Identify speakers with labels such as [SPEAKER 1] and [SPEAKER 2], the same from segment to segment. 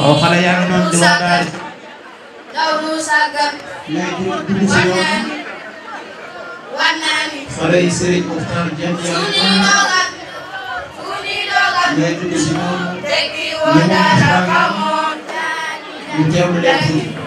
[SPEAKER 1] waaw xale yaa ngi noonu di wax daal. daw du sàggan.
[SPEAKER 2] léegi ñu dugg si yoon.
[SPEAKER 1] wànnaani.
[SPEAKER 2] xale yi Serigne Mokhtar Diagne. suñuy
[SPEAKER 1] dogal. suñuy dogal. léegi dugg si yoon. tekki woo dara xamoon.
[SPEAKER 2] ñu teewlu leen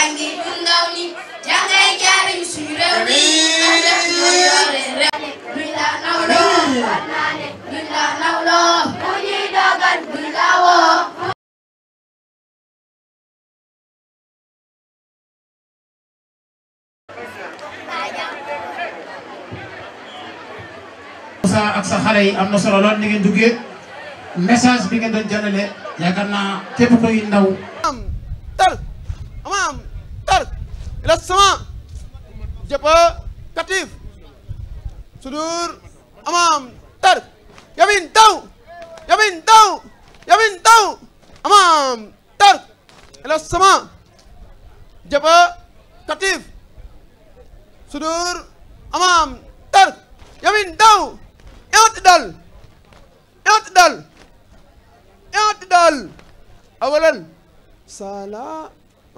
[SPEAKER 1] jàngil ñu ndaw ñi jàngay jaare ñu suñu réew mi ak def ñoo yore réew duñ la nawloo war naa ne bu ñuy dogal duñ la woo
[SPEAKER 2] Moussa am na solo lool ni ngeen duggee message bi ngeen doon jàllale yaakaar naa képp koy ndaw rasama jaba katif sudur amam tar yamin daw yamin daw yamin daw amam tar ila sama jaba katif sudur amam tar yamin daw i'tidal i'tidal i'tidal awalan sala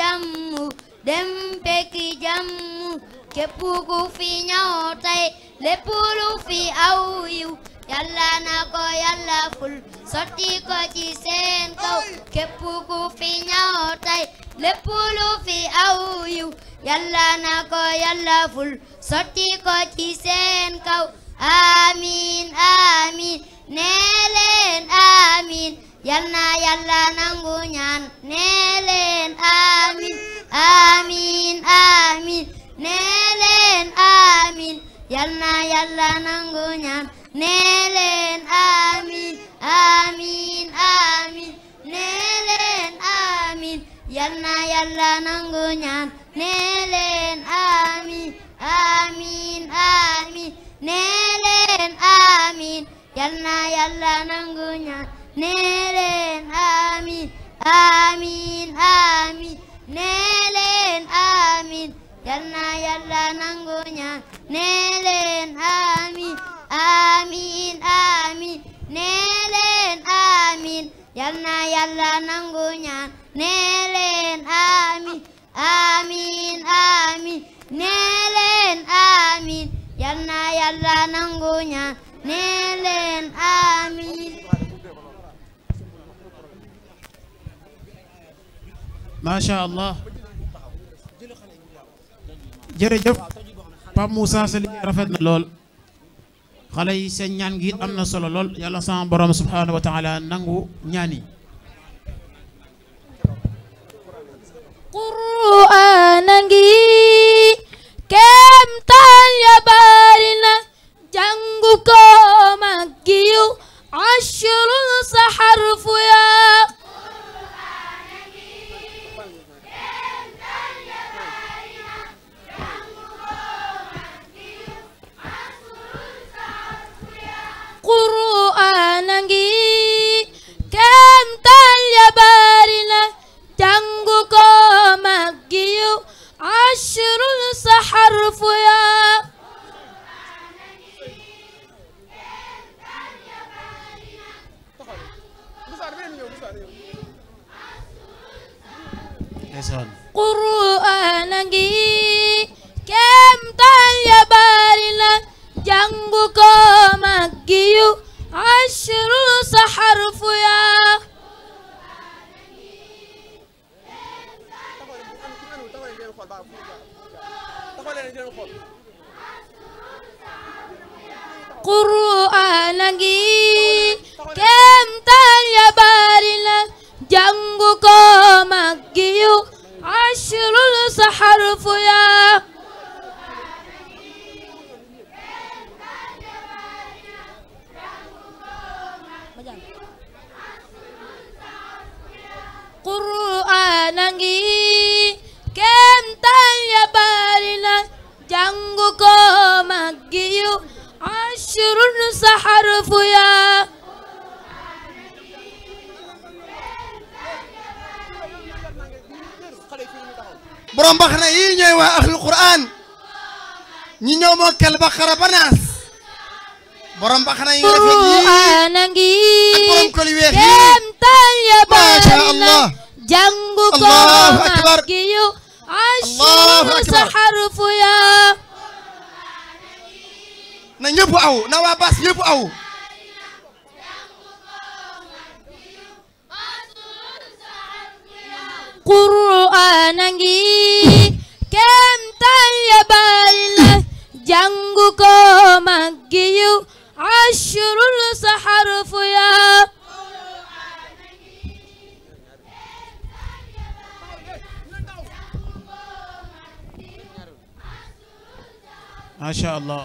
[SPEAKER 3] jàmm dem fi ñaw tey lépp ko yàlla ful sotti ko ci seen kaw képp ku fi ñaw yal na yàlla nangu ñaan nee leen amin amin amin nee leen amin yal na yàlla nangu ñaan nee leen amin amin amin nee leen amin yal na yàlla nangu ñaan nee leen amin amin amin nee leen amin yal na yàlla nangu ñaan nee leen amiin amiin amiin nee leen amiin yal na Yàlla nangu ñaan nee leen amiin amiin amiin nee leen amiin yal na Yàlla nangu ñaan nee leen amiin amiin amiin nee leen amiin yal na Yàlla nangu ñaan nee leen amiin
[SPEAKER 2] macha allah jërëjëf Pape Moussa sa rafet na lool xale seen ñaan gi am na solo lool yàlla sama borom subhanahu wa taala nangu ñaan qur'aana ngi mbaxana yi ñooy waa ahlul quraan
[SPEAKER 1] ñi ñëw moo kel baqara ba naas borom mbaxana yi rafet yi ak borom kol weex yi macha allah ko akbar gi yu akbar xarfu ya na aw na waa baas ñëpp aw qur'aan a ngi kemtal ya bari la jàngu ko mag yu ashrul sa xarfu ya
[SPEAKER 2] macha allah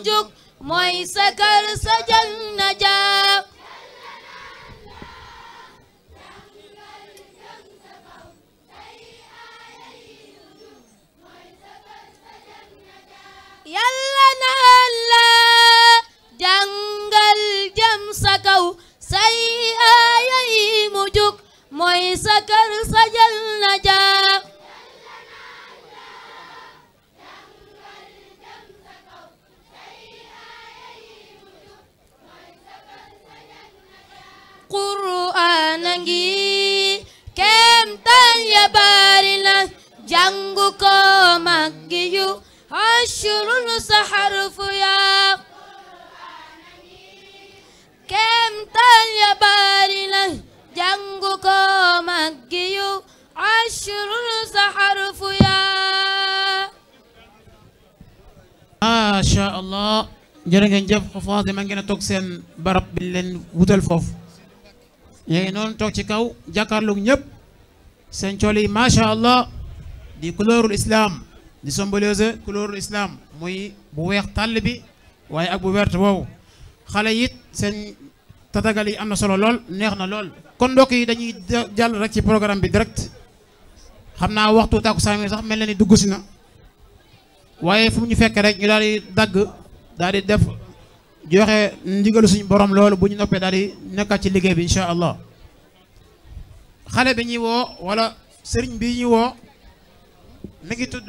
[SPEAKER 1] jóg na jaaw yàlla na la say aaya yi mu mooy sa kër sa kaanangi kemtaan ya bari na jàngu ko maggi yu sa xarfu yaa kemtaan
[SPEAKER 2] Allah jërë ngeen jëf xufaas yi ma ngeen toog seen barab bi leen wutal foofu yeegi noonu toog ci kaw jàkkaarloog ñëpp seen col yi macha allah di couleurul islam di symbolise couleurul islam muy bu weex tàll bi waaye ak bu wert woowu xale it seen tatagal yi am na solo lool neex na lool. kon mbokk yi dañuy jàll rek ci programme bi direct xam naa waxtu takku saa sax mel na ni dugg si na waaye fu mu ñu fekkee rek ñu daal di dagg daal di def. joxe ndigal suñu borom loolu bu ñu noppee daal di nekkaat ci liggéey bi incha allah xale bi ñuy woo wala sëriñ bi ñuy woo mi ngi tudd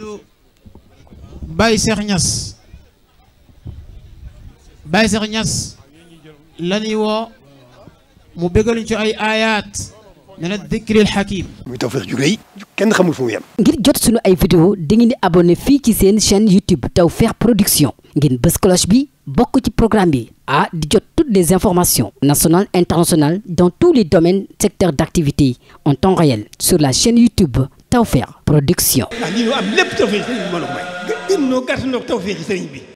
[SPEAKER 2] Baye Cheikh Niass Baye Cheikh Niass la ñuy woo mu bégaluñ ci ay aayaat ne na dikril muy tawfeex ju kenn xamul fu mu yem.
[SPEAKER 1] ngir jot suñu ay vidéo dangeen di abonné fii ci seen chaîne YouTube Tawfekh Production ngeen bës cloche bi. bokk ci programme bi ah di jot toutes les informations nationales internationales dans tous les domaines secteurs d'activité en temps réel sur la chaîne YouTube Tawfekh Production. ah lii loo am lépp tawfeex ci bi.